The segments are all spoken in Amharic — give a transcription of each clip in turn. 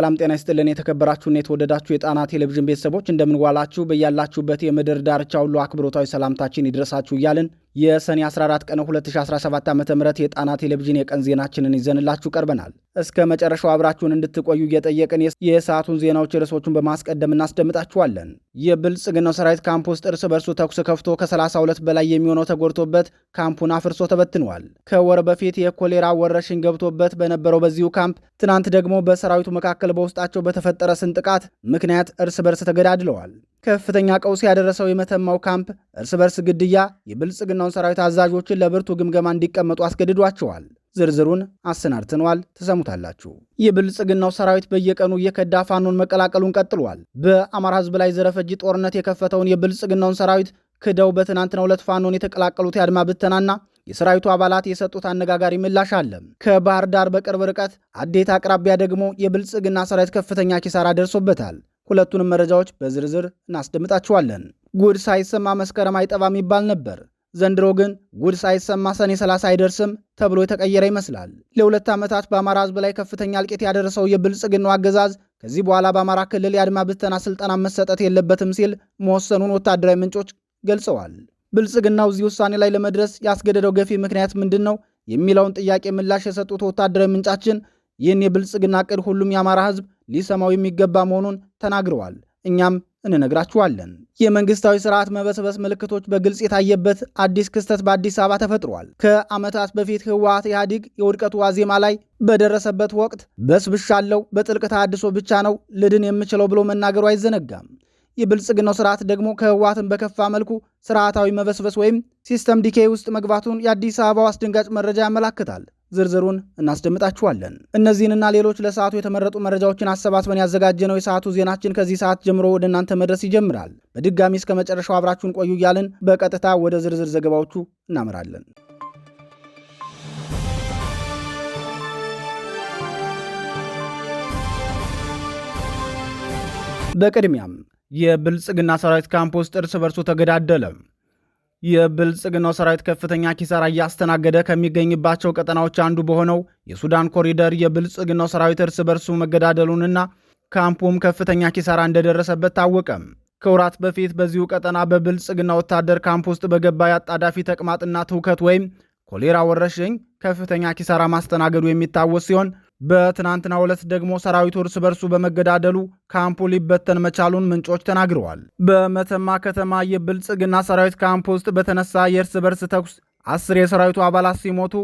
ሰላም ጤና ይስጥልን። የተከበራችሁና የተወደዳችሁ የጣና ቴሌቪዥን ቤተሰቦች እንደምንዋላችሁ፣ በያላችሁበት የምድር ዳርቻ ሁሉ አክብሮታዊ ሰላምታችን ይድረሳችሁ እያልን የሰኔ 14 ቀን 2017 ዓ ም የጣና ቴሌቪዥን የቀን ዜናችንን ይዘንላችሁ ቀርበናል። እስከ መጨረሻው አብራችሁን እንድትቆዩ እየጠየቅን የሰዓቱን ዜናዎች ርዕሶቹን በማስቀደም እናስደምጣችኋለን። የብልጽግናው ሰራዊት ካምፕ ውስጥ እርስ በርሱ ተኩስ ከፍቶ ከ32 በላይ የሚሆነው ተጎድቶበት ካምፑን አፍርሶ ተበትኗል። ከወር በፊት የኮሌራ ወረርሽኝ ገብቶበት በነበረው በዚሁ ካምፕ ትናንት ደግሞ በሰራዊቱ መካከል በውስጣቸው በተፈጠረ ስንጥቃት ምክንያት እርስ በርስ ተገዳድለዋል። ከፍተኛ ቀውስ ያደረሰው የመተማው ካምፕ እርስ በርስ ግድያ የብልጽግናውን ሰራዊት አዛዦችን ለብርቱ ግምገማ እንዲቀመጡ አስገድዷቸዋል። ዝርዝሩን አሰናድተነዋል፣ ትሰሙታላችሁ። የብልጽግናው ሰራዊት በየቀኑ እየከዳ ፋኖን መቀላቀሉን ቀጥሏል። በአማራ ህዝብ ላይ ዘረፈጅ ጦርነት የከፈተውን የብልጽግናውን ሰራዊት ክደው በትናንትናው ዕለት ፋኖን የተቀላቀሉት የአድማ ብተናና የሰራዊቱ አባላት የሰጡት አነጋጋሪ ምላሽ አለ። ከባህር ዳር በቅርብ ርቀት አዴት አቅራቢያ ደግሞ የብልጽግና ሰራዊት ከፍተኛ ኪሳራ ደርሶበታል። ሁለቱንም መረጃዎች በዝርዝር እናስደምጣችኋለን። ጉድ ሳይሰማ መስከረም አይጠባም ይባል ነበር። ዘንድሮ ግን ጉድ ሳይሰማ ሰኔ 30 አይደርስም ተብሎ የተቀየረ ይመስላል። ለሁለት ዓመታት በአማራ ሕዝብ ላይ ከፍተኛ እልቂት ያደረሰው የብልጽግናው አገዛዝ ከዚህ በኋላ በአማራ ክልል የአድማ ብተና ስልጠና መሰጠት የለበትም ሲል መወሰኑን ወታደራዊ ምንጮች ገልጸዋል። ብልጽግናው እዚህ ውሳኔ ላይ ለመድረስ ያስገደደው ገፊ ምክንያት ምንድን ነው የሚለውን ጥያቄ ምላሽ የሰጡት ወታደራዊ ምንጫችን ይህን የብልጽግና ቅድ ሁሉም የአማራ ሕዝብ ሊሰማው የሚገባ መሆኑን ተናግረዋል። እኛም እንነግራችኋለን። የመንግስታዊ ስርዓት መበስበስ ምልክቶች በግልጽ የታየበት አዲስ ክስተት በአዲስ አበባ ተፈጥሯል። ከዓመታት በፊት ህወሓት ኢህአዲግ የውድቀቱ ዋዜማ ላይ በደረሰበት ወቅት በስብሻለው፣ በጥልቅ ተሃድሶ ብቻ ነው ልድን የምችለው ብሎ መናገሩ አይዘነጋም። የብልጽግናው ስርዓት ደግሞ ከህወሓትን በከፋ መልኩ ስርዓታዊ መበስበስ ወይም ሲስተም ዲኬይ ውስጥ መግባቱን የአዲስ አበባው አስደንጋጭ መረጃ ያመላክታል። ዝርዝሩን እናስደምጣችኋለን። እነዚህንና ሌሎች ለሰዓቱ የተመረጡ መረጃዎችን አሰባስበን ያዘጋጀነው የሰዓቱ ዜናችን ከዚህ ሰዓት ጀምሮ ወደ እናንተ መድረስ ይጀምራል። በድጋሚ እስከ መጨረሻው አብራችሁን ቆዩ እያልን በቀጥታ ወደ ዝርዝር ዘገባዎቹ እናመራለን። በቅድሚያም የብልጽግና ሰራዊት ካምፕ ውስጥ እርስ በርሱ ተገዳደለ። የብልጽግናው ሰራዊት ከፍተኛ ኪሳራ እያስተናገደ ከሚገኝባቸው ቀጠናዎች አንዱ በሆነው የሱዳን ኮሪደር የብልጽግናው ሰራዊት እርስ በርሱ መገዳደሉንና ካምፑም ከፍተኛ ኪሳራ እንደደረሰበት ታወቀ። ከውራት በፊት በዚሁ ቀጠና በብልጽግና ወታደር ካምፕ ውስጥ በገባ የአጣዳፊ ተቅማጥና ትውከት ወይም ኮሌራ ወረሽኝ ከፍተኛ ኪሳራ ማስተናገዱ የሚታወስ ሲሆን በትናንትናው ዕለት ደግሞ ሰራዊቱ እርስ በርሱ በመገዳደሉ ካምፑ ሊበተን መቻሉን ምንጮች ተናግረዋል። በመተማ ከተማ የብልጽግና ሰራዊት ካምፕ ውስጥ በተነሳ የእርስ በርስ ተኩስ አስር የሰራዊቱ አባላት ሲሞቱ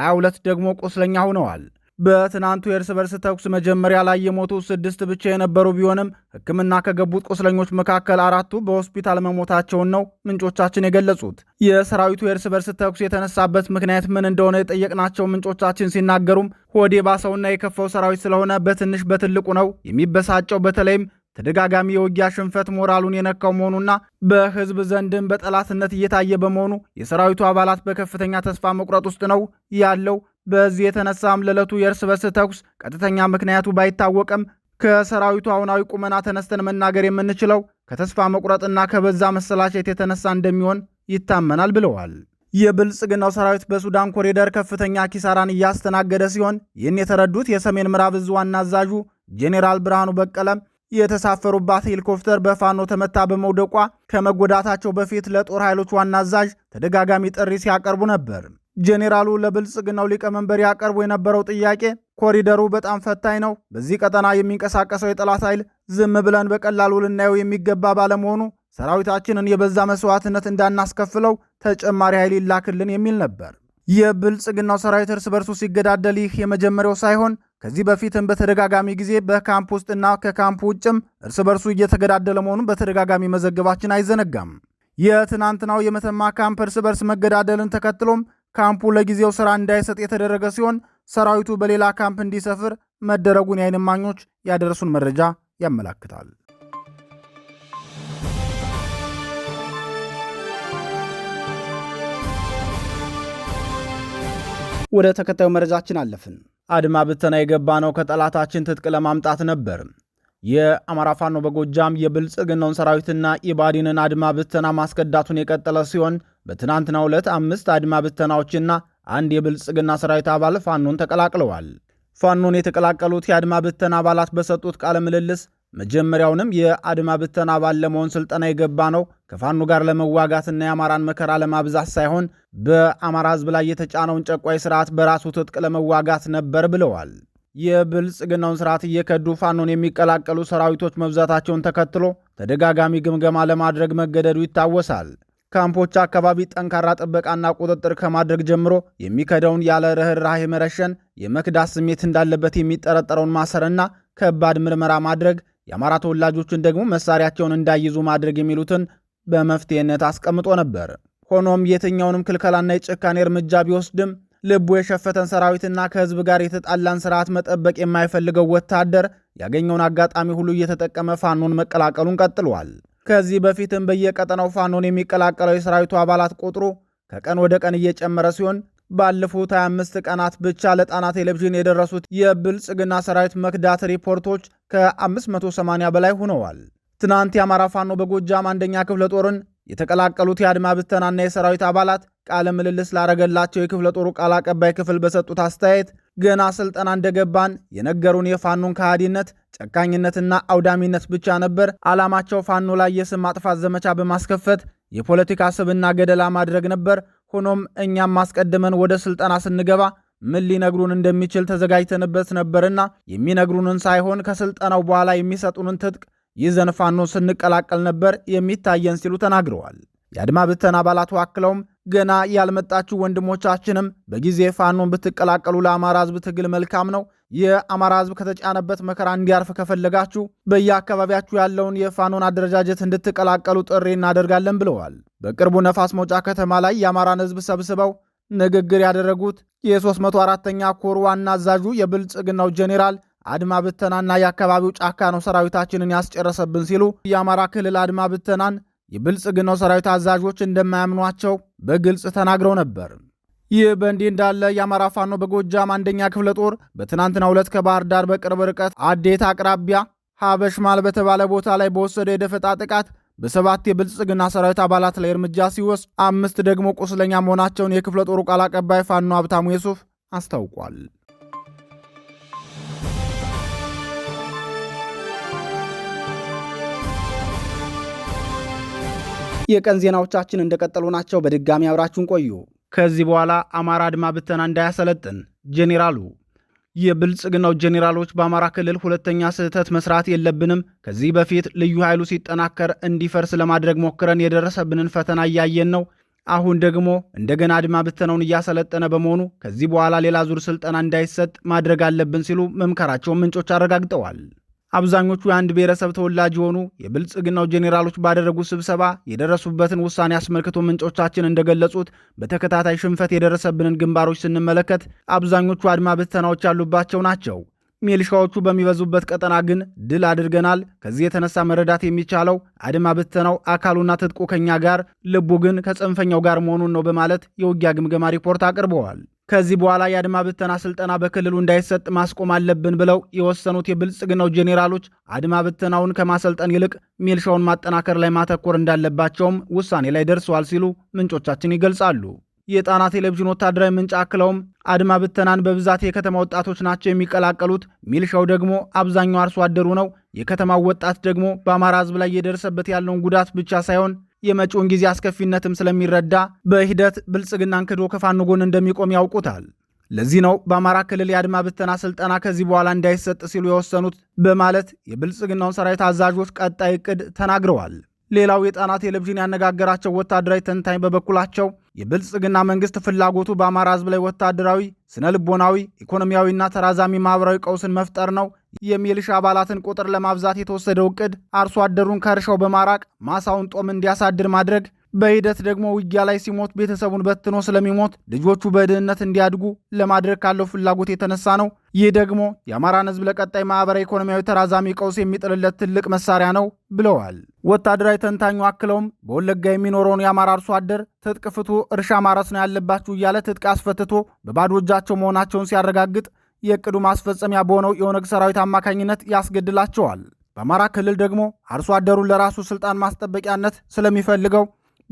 22 ደግሞ ቁስለኛ ሆነዋል። በትናንቱ የእርስ በርስ ተኩስ መጀመሪያ ላይ የሞቱ ስድስት ብቻ የነበሩ ቢሆንም ሕክምና ከገቡት ቁስለኞች መካከል አራቱ በሆስፒታል መሞታቸውን ነው ምንጮቻችን የገለጹት። የሰራዊቱ የእርስ በርስ ተኩስ የተነሳበት ምክንያት ምን እንደሆነ የጠየቅናቸው ምንጮቻችን ሲናገሩም ሆዴ ባሰውና የከፈው ሰራዊት ስለሆነ በትንሽ በትልቁ ነው የሚበሳጨው። በተለይም ተደጋጋሚ የውጊያ ሽንፈት ሞራሉን የነካው መሆኑና በህዝብ ዘንድም በጠላትነት እየታየ በመሆኑ የሰራዊቱ አባላት በከፍተኛ ተስፋ መቁረጥ ውስጥ ነው ያለው በዚህ የተነሳም ለዕለቱ የእርስ በርስ ተኩስ ቀጥተኛ ምክንያቱ ባይታወቅም ከሰራዊቱ አሁናዊ ቁመና ተነስተን መናገር የምንችለው ከተስፋ መቁረጥና ከበዛ መሰላቸት የተነሳ እንደሚሆን ይታመናል ብለዋል። የብልጽግናው ሰራዊት በሱዳን ኮሪደር ከፍተኛ ኪሳራን እያስተናገደ ሲሆን ይህን የተረዱት የሰሜን ምዕራብ እዝ ዋና አዛዡ ጄኔራል ብርሃኑ በቀለም የተሳፈሩባት ሄሊኮፕተር በፋኖ ተመታ በመውደቋ ከመጎዳታቸው በፊት ለጦር ኃይሎች ዋና አዛዥ ተደጋጋሚ ጥሪ ሲያቀርቡ ነበር። ጄኔራሉ ለብልጽግናው ሊቀመንበር ያቀርቡ የነበረው ጥያቄ ኮሪደሩ በጣም ፈታኝ ነው፣ በዚህ ቀጠና የሚንቀሳቀሰው የጠላት ኃይል ዝም ብለን በቀላሉ ልናየው የሚገባ ባለመሆኑ ሰራዊታችንን የበዛ መስዋዕትነት እንዳናስከፍለው ተጨማሪ ኃይል ይላክልን የሚል ነበር። የብልጽግናው ሰራዊት እርስ በርሱ ሲገዳደል ይህ የመጀመሪያው ሳይሆን ከዚህ በፊትም በተደጋጋሚ ጊዜ በካምፕ ውስጥና ከካምፕ ውጭም እርስ በርሱ እየተገዳደለ መሆኑን በተደጋጋሚ መዘገባችን አይዘነጋም። የትናንትናው የመተማ ካምፕ እርስ በርስ መገዳደልን ተከትሎም ካምፑ ለጊዜው ስራ እንዳይሰጥ የተደረገ ሲሆን ሰራዊቱ በሌላ ካምፕ እንዲሰፍር መደረጉን የዓይን እማኞች ያደረሱን መረጃ ያመላክታል። ወደ ተከታዩ መረጃችን አለፍን። አድማ ብተና የገባ ነው ከጠላታችን ትጥቅ ለማምጣት ነበር። የአማራ ፋኖ በጎጃም የብልጽግናውን ሰራዊትና የባዲንን አድማ ብተና ማስከዳቱን የቀጠለ ሲሆን በትናንትናው ዕለት አምስት አድማ ብተናዎችና አንድ የብልጽግና ሰራዊት አባል ፋኖን ተቀላቅለዋል። ፋኖን የተቀላቀሉት የአድማ ብተና አባላት በሰጡት ቃለ ምልልስ መጀመሪያውንም የአድማ ብተና አባል ለመሆን ስልጠና የገባ ነው ከፋኖ ጋር ለመዋጋትና የአማራን መከራ ለማብዛት ሳይሆን በአማራ ሕዝብ ላይ የተጫነውን ጨቋይ ስርዓት በራሱ ትጥቅ ለመዋጋት ነበር ብለዋል። የብልጽግናውን ስርዓት እየከዱ ፋኖን የሚቀላቀሉ ሰራዊቶች መብዛታቸውን ተከትሎ ተደጋጋሚ ግምገማ ለማድረግ መገደዱ ይታወሳል። ካምፖች አካባቢ ጠንካራ ጥበቃና ቁጥጥር ከማድረግ ጀምሮ የሚከደውን ያለ ርኅራኄ መረሸን፣ የመክዳት ስሜት እንዳለበት የሚጠረጠረውን ማሰርና ከባድ ምርመራ ማድረግ፣ የአማራ ተወላጆችን ደግሞ መሳሪያቸውን እንዳይይዙ ማድረግ የሚሉትን በመፍትሄነት አስቀምጦ ነበር። ሆኖም የትኛውንም ክልከላና የጭካኔ እርምጃ ቢወስድም ልቡ የሸፈተን ሰራዊትና ከህዝብ ጋር የተጣላን ስርዓት መጠበቅ የማይፈልገው ወታደር ያገኘውን አጋጣሚ ሁሉ እየተጠቀመ ፋኖን መቀላቀሉን ቀጥሏል። ከዚህ በፊትም በየቀጠናው ፋኖን የሚቀላቀለው የሰራዊቱ አባላት ቁጥሩ ከቀን ወደ ቀን እየጨመረ ሲሆን ባለፉት 25 ቀናት ብቻ ለጣና ቴሌቪዥን የደረሱት የብልጽግና ሰራዊት መክዳት ሪፖርቶች ከ580 በላይ ሆነዋል። ትናንት የአማራ ፋኖ በጎጃም አንደኛ ክፍለ ጦርን የተቀላቀሉት የአድማ ብተናና የሰራዊት አባላት ቃለ ምልልስ ላረገላቸው የክፍለ ጦሩ ቃል አቀባይ ክፍል በሰጡት አስተያየት ገና ስልጠና እንደገባን የነገሩን የፋኖን ከሃዲነት ጨካኝነትና አውዳሚነት ብቻ ነበር። ዓላማቸው ፋኖ ላይ የስም ማጥፋት ዘመቻ በማስከፈት የፖለቲካ ስብና ገደላ ማድረግ ነበር። ሆኖም እኛም ማስቀድመን ወደ ስልጠና ስንገባ ምን ሊነግሩን እንደሚችል ተዘጋጅተንበት ነበርና የሚነግሩንን ሳይሆን ከስልጠናው በኋላ የሚሰጡንን ትጥቅ ይዘን ፋኖ ስንቀላቀል ነበር የሚታየን ሲሉ ተናግረዋል። የአድማ ብተን አባላት አክለውም ገና ያልመጣችሁ ወንድሞቻችንም በጊዜ ፋኖን ብትቀላቀሉ ለአማራ ህዝብ ትግል መልካም ነው። የአማራ ህዝብ ከተጫነበት መከራ እንዲያርፍ ከፈለጋችሁ በየአካባቢያችሁ ያለውን የፋኖን አደረጃጀት እንድትቀላቀሉ ጥሪ እናደርጋለን ብለዋል። በቅርቡ ነፋስ መውጫ ከተማ ላይ የአማራን ህዝብ ሰብስበው ንግግር ያደረጉት የ304ኛ ኮር ዋና አዛዡ የብልጽግናው ጄኔራል አድማ ብተናና የአካባቢው ጫካ ነው ሰራዊታችንን ያስጨረሰብን ሲሉ የአማራ ክልል አድማ ብተናን የብልጽግናው ሰራዊት አዛዦች እንደማያምኗቸው በግልጽ ተናግረው ነበር። ይህ በእንዲህ እንዳለ የአማራ ፋኖ በጎጃም አንደኛ ክፍለ ጦር በትናንትናው ዕለት ከባህር ዳር በቅርብ ርቀት አዴት አቅራቢያ ሀበሽማል በተባለ ቦታ ላይ በወሰደው የደፈጣ ጥቃት በሰባት የብልጽግና ሰራዊት አባላት ላይ እርምጃ ሲወስድ አምስት ደግሞ ቁስለኛ መሆናቸውን የክፍለ ጦሩ ቃል አቀባይ ፋኖ ሀብታሙ የሱፍ አስታውቋል። የቀን ዜናዎቻችን እንደቀጠሉ ናቸው። በድጋሚ አብራችሁን ቆዩ። ከዚህ በኋላ አማራ አድማ ብተና እንዳያሰለጥን ጄኔራሉ የብልጽግናው ጄኔራሎች በአማራ ክልል ሁለተኛ ስህተት መስራት የለብንም። ከዚህ በፊት ልዩ ኃይሉ ሲጠናከር እንዲፈርስ ለማድረግ ሞክረን የደረሰብንን ፈተና እያየን ነው። አሁን ደግሞ እንደገና አድማ ብተናውን እያሰለጠነ በመሆኑ ከዚህ በኋላ ሌላ ዙር ስልጠና እንዳይሰጥ ማድረግ አለብን ሲሉ መምከራቸውን ምንጮች አረጋግጠዋል። አብዛኞቹ የአንድ ብሔረሰብ ተወላጅ የሆኑ የብልጽግናው ጄኔራሎች ባደረጉት ስብሰባ የደረሱበትን ውሳኔ አስመልክቶ ምንጮቻችን እንደገለጹት በተከታታይ ሽንፈት የደረሰብንን ግንባሮች ስንመለከት አብዛኞቹ አድማ ብተናዎች ያሉባቸው ናቸው። ሚሊሻዎቹ በሚበዙበት ቀጠና ግን ድል አድርገናል። ከዚህ የተነሳ መረዳት የሚቻለው አድማ ብተናው አካሉና ትጥቁ ከኛ ጋር፣ ልቡ ግን ከጽንፈኛው ጋር መሆኑን ነው በማለት የውጊያ ግምገማ ሪፖርት አቅርበዋል። ከዚህ በኋላ የአድማ ብተና ስልጠና በክልሉ እንዳይሰጥ ማስቆም አለብን ብለው የወሰኑት የብልጽግናው ጄኔራሎች አድማ ብተናውን ከማሰልጠን ይልቅ ሚልሻውን ማጠናከር ላይ ማተኮር እንዳለባቸውም ውሳኔ ላይ ደርሰዋል ሲሉ ምንጮቻችን ይገልጻሉ። የጣና ቴሌቪዥን ወታደራዊ ምንጭ አክለውም አድማ ብተናን በብዛት የከተማ ወጣቶች ናቸው የሚቀላቀሉት፣ ሚልሻው ደግሞ አብዛኛው አርሶ አደሩ ነው። የከተማው ወጣት ደግሞ በአማራ ሕዝብ ላይ የደረሰበት ያለውን ጉዳት ብቻ ሳይሆን የመጪውን ጊዜ አስከፊነትም ስለሚረዳ በሂደት ብልጽግናን ክዶ ከፋኖ ጎን እንደሚቆም ያውቁታል። ለዚህ ነው በአማራ ክልል የአድማ ብተና ስልጠና ከዚህ በኋላ እንዳይሰጥ ሲሉ የወሰኑት በማለት የብልጽግናውን ሰራዊት አዛዦች ቀጣይ ዕቅድ ተናግረዋል። ሌላው የጣና ቴሌቪዥን ያነጋገራቸው ወታደራዊ ተንታኝ በበኩላቸው የብልጽግና መንግስት ፍላጎቱ በአማራ ሕዝብ ላይ ወታደራዊ፣ ስነ ልቦናዊ፣ ኢኮኖሚያዊና ተራዛሚ ማህበራዊ ቀውስን መፍጠር ነው። የሚልሻ አባላትን ቁጥር ለማብዛት የተወሰደው እቅድ አርሶ አደሩን ከእርሻው በማራቅ ማሳውን ጦም እንዲያሳድር ማድረግ በሂደት ደግሞ ውጊያ ላይ ሲሞት ቤተሰቡን በትኖ ስለሚሞት ልጆቹ በድህነት እንዲያድጉ ለማድረግ ካለው ፍላጎት የተነሳ ነው። ይህ ደግሞ የአማራን ሕዝብ ለቀጣይ ማህበራዊ ኢኮኖሚያዊ ተራዛሚ ቀውስ የሚጥልለት ትልቅ መሳሪያ ነው ብለዋል። ወታደራዊ ተንታኙ አክለውም በወለጋ የሚኖረውን የአማራ አርሶ አደር ትጥቅ ፍቱ፣ እርሻ ማረስ ነው ያለባችሁ እያለ ትጥቅ አስፈትቶ በባዶ እጃቸው መሆናቸውን ሲያረጋግጥ የእቅዱ ማስፈጸሚያ በሆነው የኦነግ ሰራዊት አማካኝነት ያስገድላቸዋል። በአማራ ክልል ደግሞ አርሶ አደሩን ለራሱ ስልጣን ማስጠበቂያነት ስለሚፈልገው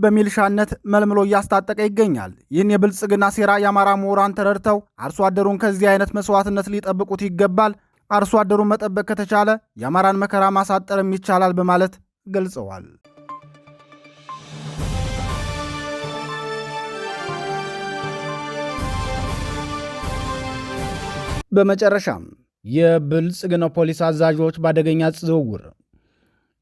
በሚልሻነት መልምሎ እያስታጠቀ ይገኛል። ይህን የብልጽግና ሴራ የአማራ ምሁራን ተረድተው አርሶ አደሩን ከዚህ አይነት መስዋዕትነት ሊጠብቁት ይገባል። አርሶ አደሩን መጠበቅ ከተቻለ የአማራን መከራ ማሳጠርም ይቻላል በማለት ገልጸዋል። በመጨረሻም የብልጽግና ፖሊስ አዛዦች በአደገኛ ዝውውር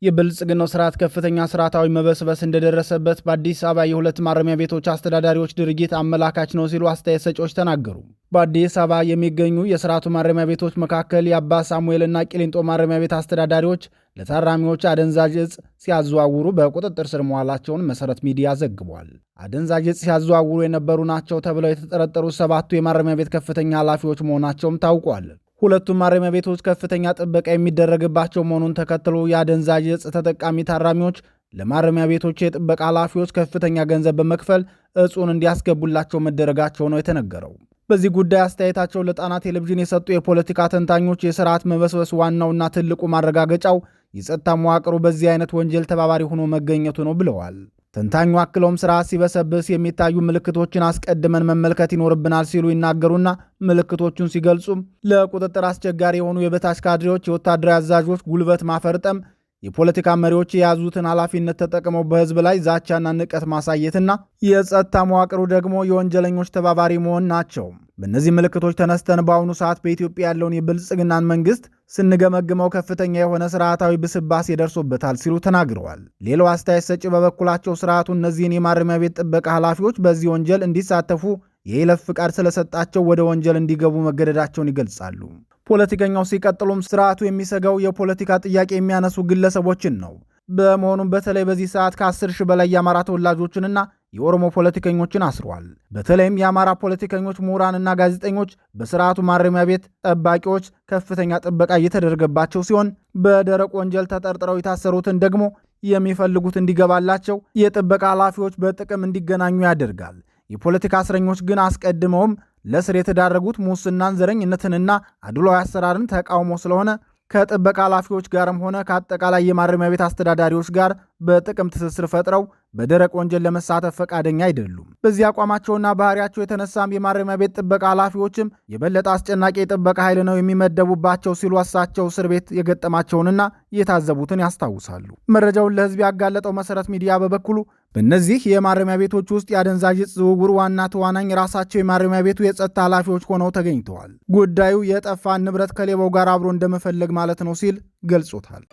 የብልጽግናው ስርዓት ከፍተኛ ስርዓታዊ መበስበስ እንደደረሰበት በአዲስ አበባ የሁለት ማረሚያ ቤቶች አስተዳዳሪዎች ድርጊት አመላካች ነው ሲሉ አስተያየት ሰጪዎች ተናገሩ። በአዲስ አበባ የሚገኙ የስርዓቱ ማረሚያ ቤቶች መካከል የአባ ሳሙኤልና ቂሊንጦ ማረሚያ ቤት አስተዳዳሪዎች ለታራሚዎች አደንዛዥ እጽ ሲያዘዋውሩ በቁጥጥር ስር መዋላቸውን መሰረት ሚዲያ ዘግቧል። አደንዛዥ እጽ ሲያዘዋውሩ የነበሩ ናቸው ተብለው የተጠረጠሩ ሰባቱ የማረሚያ ቤት ከፍተኛ ኃላፊዎች መሆናቸውም ታውቋል። ሁለቱም ማረሚያ ቤቶች ከፍተኛ ጥበቃ የሚደረግባቸው መሆኑን ተከትሎ የአደንዛዥ እጽ ተጠቃሚ ታራሚዎች ለማረሚያ ቤቶች የጥበቃ ኃላፊዎች ከፍተኛ ገንዘብ በመክፈል እጹን እንዲያስገቡላቸው መደረጋቸው ነው የተነገረው። በዚህ ጉዳይ አስተያየታቸው ለጣና ቴሌቪዥን የሰጡ የፖለቲካ ተንታኞች የስርዓት መበስበስ ዋናውና ትልቁ ማረጋገጫው የጸጥታ መዋቅሩ በዚህ አይነት ወንጀል ተባባሪ ሆኖ መገኘቱ ነው ብለዋል። ተንታኙ አክለውም ስራ ሲበሰብስ የሚታዩ ምልክቶችን አስቀድመን መመልከት ይኖርብናል ሲሉ ይናገሩና ምልክቶቹን ሲገልጹም ለቁጥጥር አስቸጋሪ የሆኑ የበታች ካድሬዎች፣ የወታደራዊ አዛዦች ጉልበት ማፈርጠም፣ የፖለቲካ መሪዎች የያዙትን ኃላፊነት ተጠቅመው በህዝብ ላይ ዛቻና ንቀት ማሳየትና የጸጥታ መዋቅሩ ደግሞ የወንጀለኞች ተባባሪ መሆን ናቸው። በእነዚህ ምልክቶች ተነስተን በአሁኑ ሰዓት በኢትዮጵያ ያለውን የብልጽግናን መንግስት ስንገመግመው ከፍተኛ የሆነ ስርዓታዊ ብስባሴ ደርሶበታል ሲሉ ተናግረዋል። ሌላው አስተያየት ሰጪ በበኩላቸው ስርዓቱ እነዚህን የማረሚያ ቤት ጥበቃ ኃላፊዎች በዚህ ወንጀል እንዲሳተፉ የይለፍ ፍቃድ ስለሰጣቸው ወደ ወንጀል እንዲገቡ መገደዳቸውን ይገልጻሉ። ፖለቲከኛው ሲቀጥሉም ስርዓቱ የሚሰጋው የፖለቲካ ጥያቄ የሚያነሱ ግለሰቦችን ነው። በመሆኑም በተለይ በዚህ ሰዓት ከአስር ሺህ በላይ የአማራ ተወላጆችንና የኦሮሞ ፖለቲከኞችን አስሯል። በተለይም የአማራ ፖለቲከኞች፣ ምሁራንና ጋዜጠኞች በስርዓቱ ማረሚያ ቤት ጠባቂዎች ከፍተኛ ጥበቃ እየተደረገባቸው ሲሆን በደረቅ ወንጀል ተጠርጥረው የታሰሩትን ደግሞ የሚፈልጉት እንዲገባላቸው የጥበቃ ኃላፊዎች በጥቅም እንዲገናኙ ያደርጋል። የፖለቲካ እስረኞች ግን አስቀድመውም ለስር የተዳረጉት ሙስናን፣ ዘረኝነትንና አድሏዊ አሰራርን ተቃውሞ ስለሆነ ከጥበቃ ኃላፊዎች ጋርም ሆነ ከአጠቃላይ የማረሚያ ቤት አስተዳዳሪዎች ጋር በጥቅም ትስስር ፈጥረው በደረቅ ወንጀል ለመሳተፍ ፈቃደኛ አይደሉም። በዚህ አቋማቸውና ባህሪያቸው የተነሳም የማረሚያ ቤት ጥበቃ ኃላፊዎችም የበለጠ አስጨናቂ የጥበቃ ኃይል ነው የሚመደቡባቸው ሲሉ እሳቸው እስር ቤት የገጠማቸውንና የታዘቡትን ያስታውሳሉ። መረጃውን ለሕዝብ ያጋለጠው መሰረት ሚዲያ በበኩሉ በእነዚህ የማረሚያ ቤቶች ውስጥ የአደንዛዥ ዝውውር ዋና ተዋናኝ ራሳቸው የማረሚያ ቤቱ የጸጥታ ኃላፊዎች ሆነው ተገኝተዋል። ጉዳዩ የጠፋን ንብረት ከሌባው ጋር አብሮ እንደመፈለግ ማለት ነው ሲል ገልጾታል።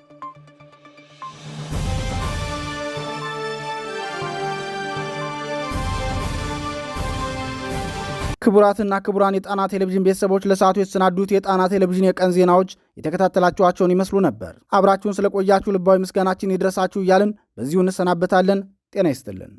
ክቡራትና ክቡራን የጣና ቴሌቪዥን ቤተሰቦች ለሰዓቱ የተሰናዱት የጣና ቴሌቪዥን የቀን ዜናዎች የተከታተላችኋቸውን ይመስሉ ነበር። አብራችሁን ስለቆያችሁ ልባዊ ምስጋናችን ይድረሳችሁ እያልን በዚሁ እንሰናበታለን። ጤና ይስጥልን።